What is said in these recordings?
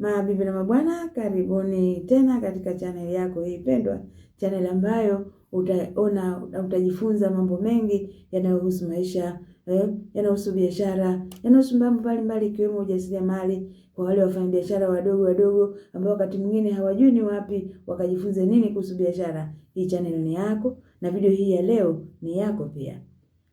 Mabibi na mabwana, karibuni tena katika chaneli yako hii pendwa, chaneli ambayo utaona utajifunza mambo mengi yanayohusu maisha eh, yanayohusu biashara, yanayohusu mambo mbalimbali ikiwemo ujasiriamali kwa wale wafanyabiashara wadogo wadogo ambao wakati mwingine hawajui ni wapi wakajifunze nini kuhusu biashara. Hii chaneli ni yako na video hii ya leo ni yako pia.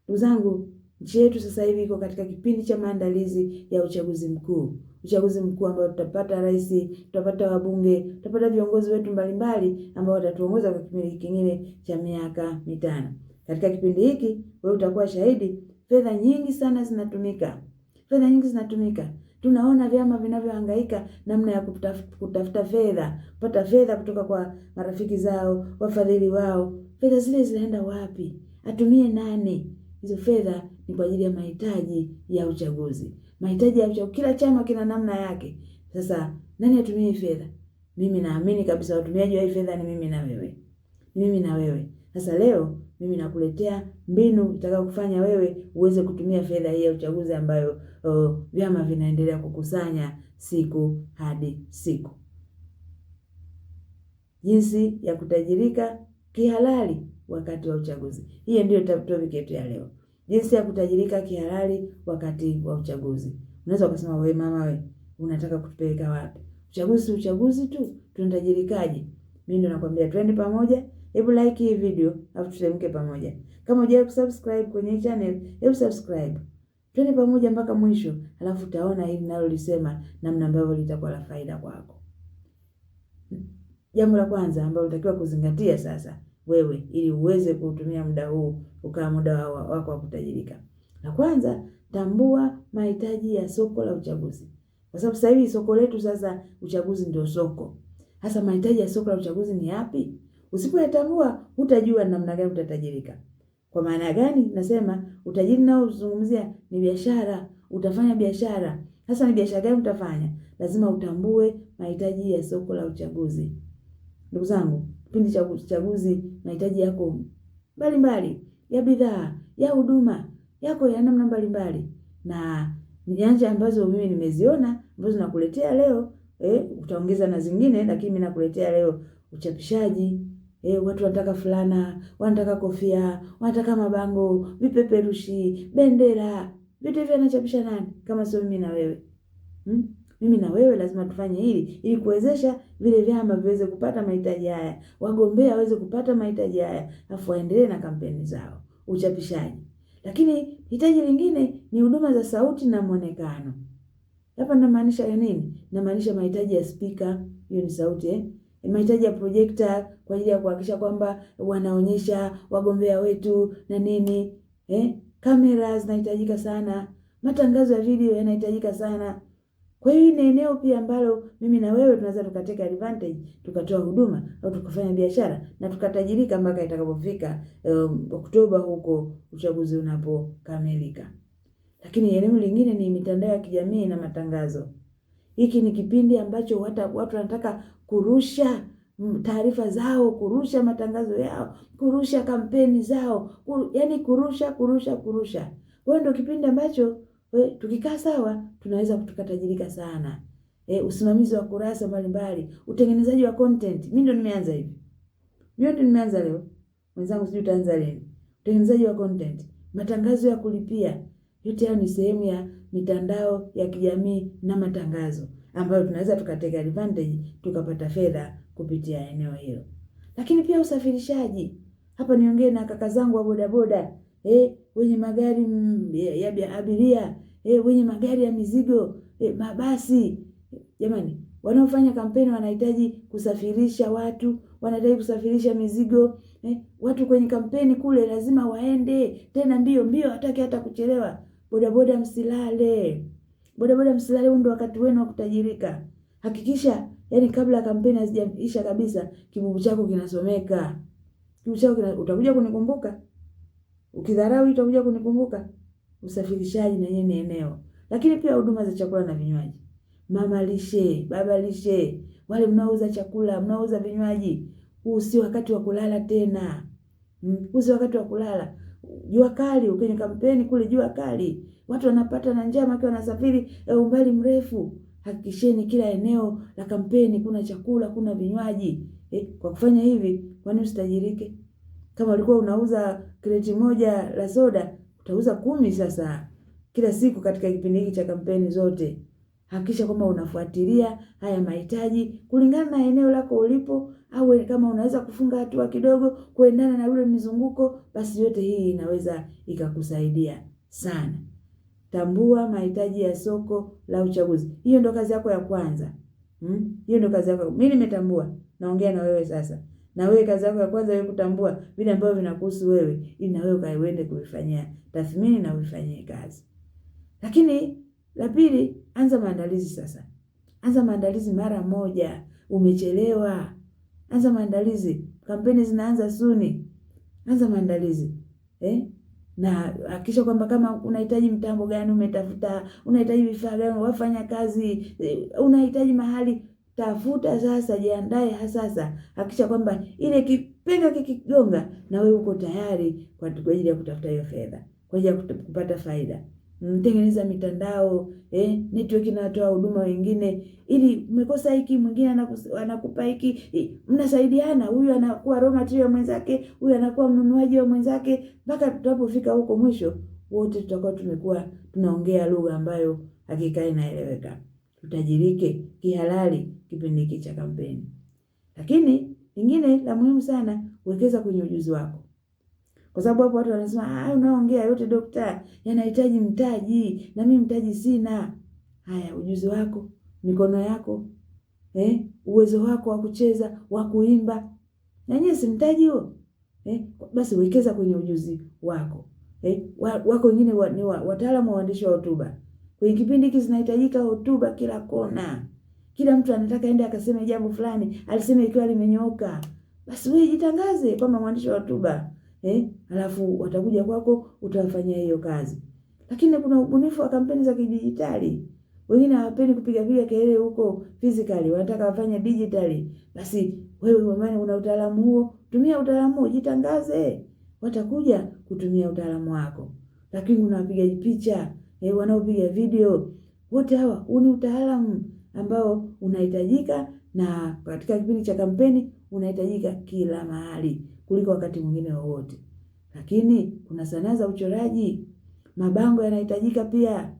Ndugu zangu, nchi yetu sasa hivi iko katika kipindi cha maandalizi ya uchaguzi mkuu uchaguzi mkuu ambao tutapata rais, tutapata wabunge, tutapata viongozi wetu mbalimbali ambao watatuongoza kwa kipindi kingine cha miaka mitano. Katika kipindi hiki wewe utakuwa shahidi, fedha nyingi sana zinatumika, fedha nyingi zinatumika. Tunaona vyama vinavyohangaika namna ya kutaf, kutafuta fedha, kupata fedha kutoka kwa marafiki zao, wafadhili wao. Fedha zile zinaenda wapi? Atumie nani? Hizo fedha ni kwa ajili ya mahitaji ya uchaguzi mahitaji ya kila chama kina namna yake. Sasa nani atumie fedha? Mimi naamini kabisa watumiaji wa fedha ni mimi na wewe, mimi na wewe. Sasa leo mimi nakuletea mbinu itakayo kufanya wewe uweze kutumia fedha hii ya uchaguzi ambayo uh, vyama vinaendelea kukusanya siku hadi siku, jinsi ya kutajirika kihalali wakati wa uchaguzi. Hiyo ndiyo topic yetu ya leo jinsi ya kutajirika kihalali wakati wa uchaguzi. Unaweza ukasema we mama, we unataka kutupeleka wapi? Uchaguzi si uchaguzi tu, tunatajirikaje? Mimi ndo nakwambia twende pamoja. Hebu like hii video afu tutemke pamoja. Kama hujawahi kusubscribe kwenye hii channel, hebu subscribe. Twende pamoja mpaka mwisho, alafu utaona hili nalo lisema namna ambavyo litakuwa la faida kwako. Jambo la kwanza ambalo unatakiwa kuzingatia sasa wewe, ili uweze kuutumia muda huu ukawa muda wako wa kutajirika. Na kwanza tambua mahitaji ya soko la uchaguzi, kwa sababu sasa hivi soko letu sasa, uchaguzi ndio soko hasa. Mahitaji ya soko la uchaguzi ni yapi? Usipoyatambua hutajua namna gani utatajirika. Kwa maana gani nasema utajiri nao uzungumzia ni biashara. Utafanya biashara hasa, ni biashara gani utafanya? Lazima utambue mahitaji ya soko la uchaguzi. Ndugu zangu, kipindi cha uchaguzi, mahitaji yako mbalimbali ya bidhaa, ya huduma yako ya namna mbalimbali, na nyanja ambazo mimi nimeziona ambazo nakuletea leo eh, utaongeza na zingine, lakini mimi nakuletea leo uchapishaji eh, watu wanataka fulana, wanataka kofia, wanataka mabango, vipeperushi, bendera, vitu hivi anachapisha nani kama sio mimi na wewe hmm? mimi na wewe lazima tufanye hili ili kuwezesha vile vyama viweze kupata mahitaji haya, wagombea waweze kupata mahitaji haya, afu waendelee na kampeni zao, uchapishaji. Lakini hitaji lingine ni huduma za sauti na mwonekano. Hapa namaanisha nini? Namaanisha mahitaji ya spika, hiyo ni sauti eh? eh mahitaji ya projekta kwa ajili ya kuhakikisha kwamba wanaonyesha wagombea wetu na nini eh? Kamera zinahitajika sana, matangazo ya video yanahitajika sana. Kwa hiyo ni eneo pia ambalo mimi na wewe tunaweza tukateka advantage, tukatoa huduma au tukafanya biashara na tukatajirika mpaka itakapofika um, Oktoba huko uchaguzi unapokamilika. Lakini elimu lingine ni mitandao ya kijamii na matangazo. Hiki ni kipindi ambacho wata, watu wanataka kurusha mm, taarifa zao, kurusha matangazo yao, kurusha kampeni zao, kur, yani kurusha kurusha kurusha. Kwa hiyo ndio kipindi ambacho We, tukikaa sawa tunaweza tukatajirika sana. E, usimamizi wa kurasa mbalimbali, utengenezaji wa content. Mimi ndo nimeanza hivi. Mimi ndo nimeanza leo. Mwenzangu sijui utaanza lini. Utengenezaji wa content, matangazo ya kulipia. Yote hayo ni sehemu ya mitandao ya kijamii na matangazo ambayo tunaweza tukateka advantage tukapata fedha kupitia eneo hilo. Lakini pia usafirishaji. Hapa niongee na kaka zangu wa bodaboda. Eh, wenye magari ya abiria eh, wenye magari ya mizigo eh, mabasi. Jamani, wanaofanya kampeni wanahitaji kusafirisha watu, wanahitaji kusafirisha mizigo eh, watu kwenye kampeni kule lazima waende tena mbio mbio, hataki hata kuchelewa. Bodaboda msilale, bodaboda msilale, ndio wakati wenu wa kutajirika. Hakikisha yani kabla kampeni hazijaisha kabisa, kibubu chako kinasomeka, kibubu chako kina, utakuja kunikumbuka. Ukidharau itakuja kunikumbuka. Usafirishaji na yeye ni eneo, lakini pia huduma za chakula na vinywaji, mama lishe, baba lishe, wale mnaouza chakula, mnaouza vinywaji, huu si wakati wa kulala tena. Hmm, huu si wakati wa kulala. Jua kali, kwenye kampeni kule, jua kali, watu wanapata na njaa, maki wanasafiri e, umbali mrefu. Hakikisheni kila eneo la kampeni kuna chakula, kuna vinywaji. Eh, kwa kufanya hivi, kwani usitajirike? Kama ulikuwa unauza kreti moja la soda, utauza kumi sasa kila siku katika kipindi hiki cha kampeni zote. Hakikisha kwamba unafuatilia haya mahitaji kulingana na eneo lako ulipo, au kama unaweza kufunga hatua kidogo kuendana na ule mzunguko, basi yote hii inaweza ikakusaidia sana. Tambua mahitaji ya soko la uchaguzi. Hiyo ndo kazi yako ya kwanza. Hmm? Hiyo ndo kazi yako. Mimi nimetambua. Naongea na wewe sasa na wewe kazi yako ya kwanza wewe kutambua vile ambavyo vinakuhusu wewe, ili na wewe ukaweze kuifanyia tathmini na uifanyie kazi. Lakini la pili, anza maandalizi sasa. Anza maandalizi mara moja, umechelewa. Anza maandalizi, kampeni zinaanza suni. Anza maandalizi eh? na hakikisha kwamba kama unahitaji mtambo gani umetafuta, unahitaji vifaa gani, wafanya kazi, eh, unahitaji mahali tafuta sasa, jiandae sasa, hakisha kwamba ile kipenga kikigonga, na wewe uko tayari kwa ajili ya kutafuta hiyo fedha, kwa ajili ya kupata faida. Mtengeneza mitandao eh, network inatoa huduma wengine, ili umekosa hiki, mwingine anakupa hiki, eh, mnasaidiana. Huyu anakuwa raw material mwenzake, huyu anakuwa mnunuaji wa mwenzake, mpaka tutapofika huko mwisho, wote tutakuwa tumekuwa tunaongea lugha ambayo hakika inaeleweka tutajirike kihalali kipindi hiki cha kampeni. Lakini lingine la muhimu sana, wekeza kwenye ujuzi wako, kwa sababu hapo watu wanasema ah, unaongea yote dokta, yanahitaji mtaji na mimi mtaji sina. Haya, ujuzi wako, mikono yako eh, uwezo wako wa kucheza, wa kuimba, na nyinyi si mtaji huo eh? Basi wekeza kwenye ujuzi wako eh? Wako wengine ni wataalamu wa uandishi wa hotuba Kwenye kipindi hiki zinahitajika hotuba kila kona, kila mtu anataka aende akaseme jambo fulani aliseme ikiwa limenyoka, Basi wewe jitangaze kama mwandishi wa hotuba eh, alafu watakuja kwako, utawafanyia hiyo kazi. Lakini kuna ubunifu wa kampeni za kidijitali. Wengine hawapendi kupiga piga kelele huko physically, wanataka wafanye digitally. Basi wewe mwamani, una utaalamu huo, tumia utaalamu huo, jitangaze, watakuja kutumia utaalamu wako. Lakini unapiga picha eh, wanaopiga video, wote hawa, huu ni utaalamu ambao unahitajika, na katika kipindi cha kampeni unahitajika kila mahali kuliko wakati mwingine wowote. Lakini kuna sanaa za uchoraji, mabango yanahitajika pia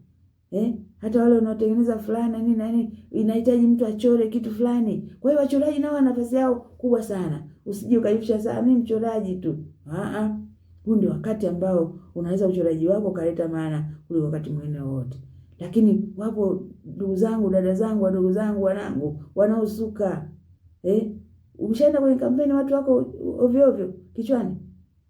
eh? Hata wale wanaotengeneza fulana nini na nini, inahitaji mtu achore kitu fulani. Kwa hiyo wachoraji nao nafasi yao kubwa sana. Usije ukajifisha saa mimi mchoraji tu. Ah ah, huu ndio wakati ambao unaweza uchoraji wako ukaleta maana ule wakati mwingine wote. Lakini wapo ndugu zangu, dada zangu, wadogo zangu, wanangu wanaosuka eh, umeshaenda kwenye kampeni, watu wako ovyo ovyo kichwani,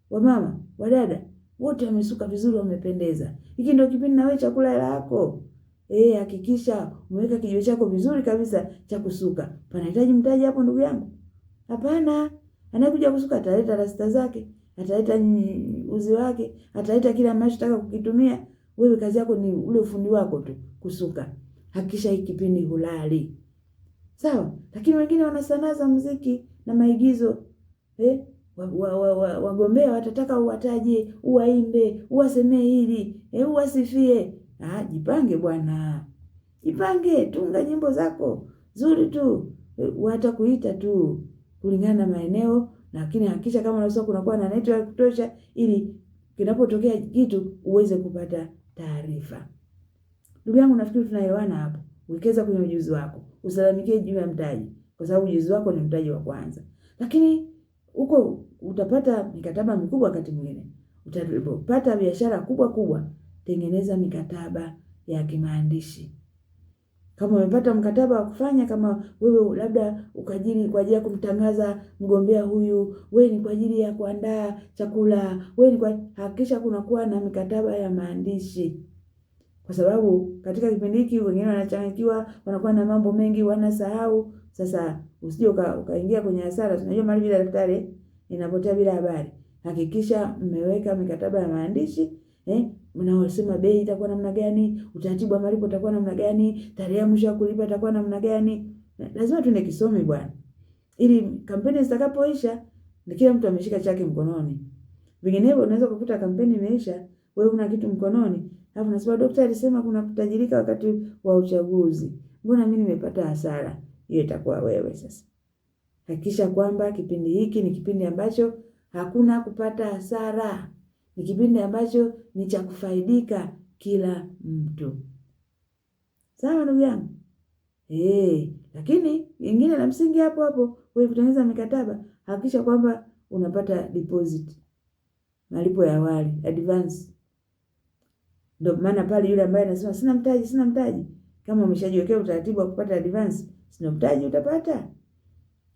wamama, wadada wote wamesuka vizuri, wamependeza. Hiki ndio kipindi na wewe chakula hela yako eh, hakikisha umeweka kijiwe chako vizuri kabisa cha kusuka. Panahitaji mtaji hapo, ndugu yangu? Hapana, anayekuja kusuka ataleta rasta zake, ataleta uzi wake, ataleta kile anachotaka kukitumia. Wewe kazi yako ni ule ufundi wako tu kusuka, hakikisha hii kipindi hulali, sawa. Lakini wengine wana sanaa za muziki na maigizo eh? Wagombea wa, wa, wa, watataka uwataje, uwaimbe, uwasemee hili eh, uwasifie. Ah, jipange bwana, jipange, tunga nyimbo zako nzuri tu, eh, watakuita tu kulingana na maeneo lakini hakikisha kama unaweza kunakuwa na network kutosha, ili kinapotokea kitu uweze kupata taarifa. Ndugu yangu, nafikiri tunaelewana hapo. Wekeza kwenye ujuzi wako, usalamike juu ya mtaji, kwa sababu ujuzi wako ni mtaji wa kwanza, lakini huko utapata mikataba mikubwa. Wakati mwingine utapata biashara kubwa kubwa, tengeneza mikataba ya kimaandishi kama umepata mkataba wa kufanya, kama wewe labda ukajiri kwa ajili ya kumtangaza mgombea huyu, wewe ni kwa ajili ya kuandaa chakula, wewe ni kwa... hakikisha kunakuwa na mikataba ya maandishi, kwa sababu katika kipindi hiki wengine wanachanganyikiwa, wanakuwa na mambo mengi, wanasahau. Sasa usije ukaingia kwenye hasara. Tunajua mali bila daftari inapotea bila habari. Hakikisha mmeweka mikataba ya maandishi eh, mnaosema bei itakuwa namna gani, utaratibu wa malipo utakuwa namna gani, tarehe ya mwisho ya kulipa itakuwa namna gani. Lazima tuende kisomi bwana, ili kampeni zitakapoisha ni kila mtu ameshika chake mkononi. Vinginevyo unaweza kukuta kampeni imeisha, wewe una kitu mkononi, alafu unasema daktari alisema kuna kutajirika wakati wa uchaguzi, mbona mimi nimepata hasara? Hiyo itakuwa wewe sasa. Hakikisha kwamba kipindi hiki ni kipindi ambacho hakuna kupata hasara. Ni kipindi ambacho ni cha kufaidika kila mtu. Sawa ndugu yangu? Eh, lakini ingine la msingi hapo hapo, wewe kutengeneza mikataba, hakikisha kwamba unapata deposit, malipo ya awali, advance. Ndio maana pale yule ambaye anasema sina mtaji, sina mtaji, kama umeshajiwekea utaratibu wa kupata advance, sina mtaji utapata.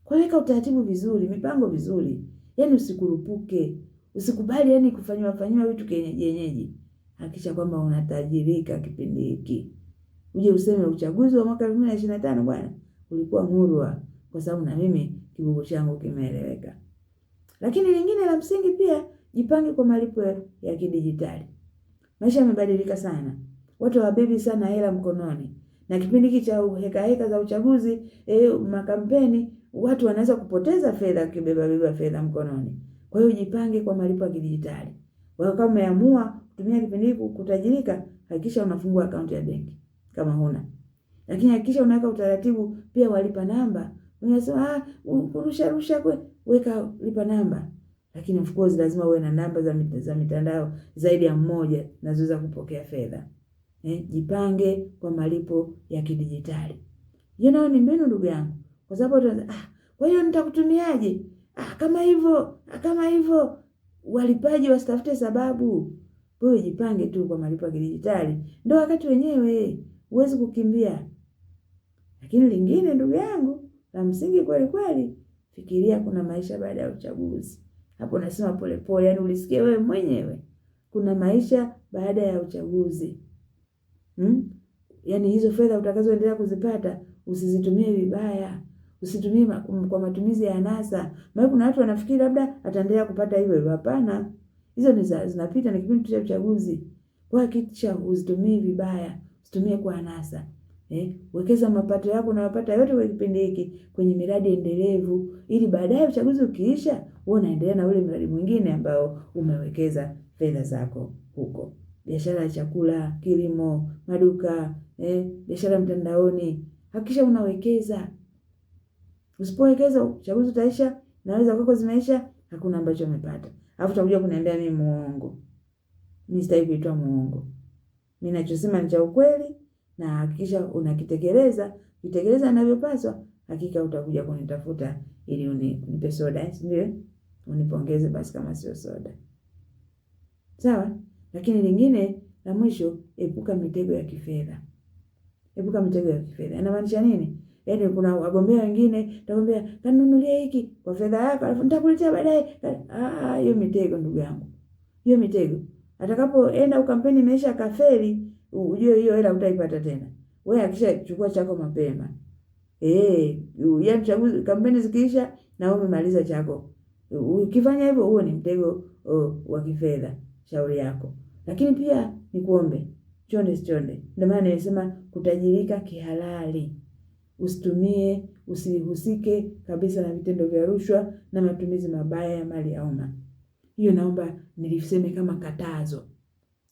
Kwa weka utaratibu vizuri, mipango vizuri, yaani usikurupuke. Usikubali yani kufanywa fanywa vitu kienyeji yenyeji. Hakisha kwamba unatajirika kipindi hiki. Uje useme uchaguzi wa mwaka 2025 bwana ulikuwa murwa, kwa sababu na mimi kibogo changu kimeeleweka. Lakini lingine la msingi pia, jipange kwa malipo ya kidijitali. Maisha yamebadilika sana, watu hawabebi sana hela mkononi, na kipindi hiki cha heka heka za uchaguzi eh, makampeni, watu wanaweza kupoteza fedha beba fedha mkononi. Kwa hiyo jipange kwa malipo ya kidijitali. Kwa hiyo kama umeamua kutumia kipindi hiki kutajirika, hakikisha unafungua akaunti ya benki kama huna. Lakini hakikisha unaweka utaratibu pia wa lipa namba. Unasema ah, kurusha rusha kwe, weka lipa namba. Lakini of course lazima uwe na namba za, mit, za mitandao zaidi ya mmoja nazoweza kupokea fedha. Eh, jipange kwa malipo ya kidijitali. Hiyo nayo ni mbinu ndugu yangu. Kwa sababu ah, kwa hiyo nitakutumiaje? Ah, kama hivyo ah, kama hivyo. Walipaji wasitafute sababu, wewe jipange tu kwa malipo ya kidijitali, ndio wakati wenyewe, huwezi kukimbia. Lakini lingine, ndugu yangu, la msingi kweli kweli, fikiria kuna maisha baada ya uchaguzi. Hapo nasema polepole, yani ulisikie wewe mwenyewe, kuna maisha baada ya uchaguzi hmm? Yani hizo fedha utakazoendelea kuzipata usizitumie vibaya usitumie ma, um, kwa matumizi ya anasa. Maana kuna watu wanafikiri labda ataendelea kupata hiyo. hivyo. Hapana, hizo ni zinapita, ni kipindi cha uchaguzi. Kwa hakikisha usitumie vibaya, usitumie kwa anasa. Eh, wekeza mapato yako na mapato yote kwa kipindi hiki kwenye miradi endelevu, ili baadaye uchaguzi ukiisha, wewe unaendelea na ule mradi mwingine ambao umewekeza fedha zako huko. Biashara ya chakula, kilimo, maduka, eh, biashara mtandaoni. Hakikisha unawekeza Usipowekeza uchaguzi utaisha, naweza kwako zimeisha, hakuna ambacho umepata. Alafu utakuja kuniambia mimi muongo. Mimi sitaki kuitwa muongo. Mimi ninachosema ni cha ukweli na hakikisha unakitekeleza, kitekeleza inavyopaswa, hakika utakuja kunitafuta ili unipe soda, ndio? Unipongeze basi kama sio soda. Sawa? Lakini lingine la mwisho, epuka mitego ya kifedha. Epuka mitego ya kifedha. Inamaanisha nini? yani kuna wagombea wengine nitakwambia kanunulia hiki kwa fedha yako alafu nitakuletea baadaye. Ah, hiyo mitego ndugu yangu. Hiyo mitego. Atakapoenda ukampeni imeisha kafeli, ujue hiyo hela utaipata tena. Wewe hakisha chukua chako mapema. Eh, yani chaguzi kampeni zikiisha na wewe umemaliza chako. Ukifanya hivyo huo ni mtego wa kifedha, shauri yako. Lakini pia nikuombe chonde chonde. Ndio maana nimesema kutajirika kihalali usitumie, usihusike kabisa na vitendo vya rushwa na matumizi mabaya ya mali ya umma. Hiyo naomba niliseme kama katazo,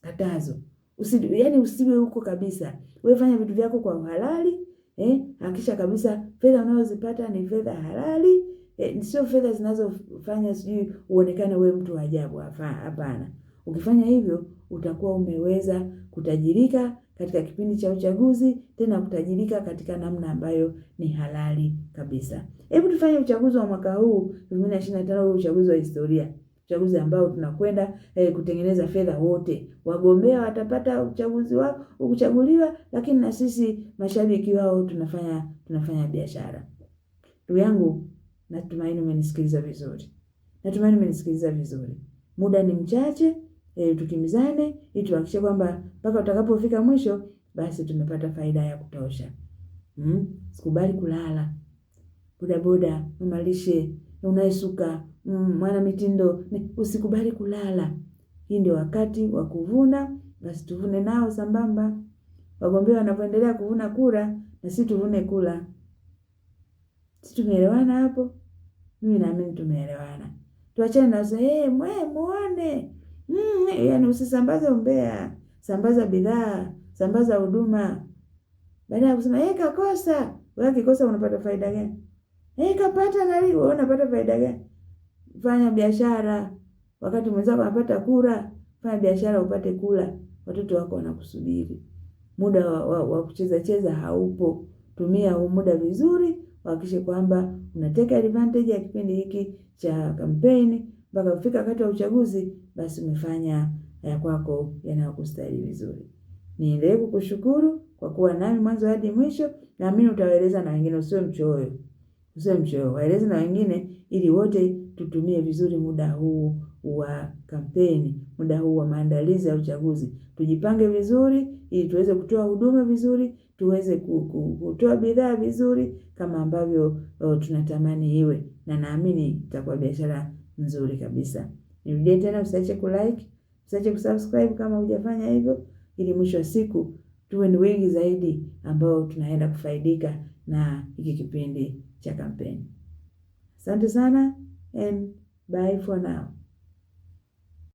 katazo. Usi, yani usiwe huko kabisa. Wewe fanya vitu vyako kwa uhalali, eh? Hakisha kabisa fedha unazozipata ni fedha halali, eh, sio fedha zinazofanya sijui uonekane wewe mtu ajabu. Hapana. Ukifanya hivyo utakuwa umeweza kutajirika katika kipindi cha uchaguzi, tena kutajirika katika namna ambayo ni halali kabisa. Hebu tufanye uchaguzi wa mwaka huu 2025 huu uchaguzi wa historia, uchaguzi ambao tunakwenda eh, kutengeneza fedha wote. Wagombea watapata uchaguzi wao kuchaguliwa, lakini na sisi mashabiki wao tunafanya tunafanya biashara. Ndugu yangu, natumaini umenisikiliza vizuri, natumaini umenisikiliza vizuri. Muda ni mchache e, tukimizane ili tuhakikishe kwamba mpaka utakapofika mwisho basi tumepata faida ya kutosha. Mm, sikubali kulala. Boda boda, mama mm, mwana mitindo, usikubali kulala. Hii ndio wakati wa kuvuna, basi tuvune nao sambamba. Wagombea wanapoendelea kuvuna kura na sisi tuvune kula. Sisi tumeelewana hapo? Mimi naamini tumeelewana. Tuachane na eh, hey, mwe muone Mm, eh, yani usisambaze umbea, sambaza bidhaa, sambaza huduma. Baada ya kusema eh, kakosa, wewe kikosa unapata faida gani? Eh, kapata na wewe unapata faida gani? Fanya biashara. Wakati mwenzako anapata kura, fanya biashara upate kula. Watoto wako wanakusubiri. Muda wa, wa, wa kucheza cheza haupo. Tumia huu muda vizuri, hakikishe kwamba unateka advantage ya kipindi hiki cha kampeni mpaka kufika wakati wa uchaguzi, basi umefanya ya kwako yanayokustahili vizuri. Niendelee kukushukuru kwa kuwa nami mwanzo hadi mwisho, na mimi utawaeleza na wengine, usiwe mchoyo, usiwe mchoyo, waeleze na wengine ili wote tutumie vizuri muda huu wa kampeni, muda huu wa maandalizi ya uchaguzi. Tujipange vizuri ili tuweze kutoa huduma vizuri, tuweze kutoa bidhaa vizuri kama ambavyo o, oh, tunatamani iwe, na naamini itakuwa biashara nzuri kabisa. Nirudie tena, usiache kulike, usiache kusubscribe kama hujafanya hivyo, ili mwisho wa siku tuwe ni wengi zaidi ambao tunaenda kufaidika na hiki kipindi cha kampeni. Asante sana and bye for now.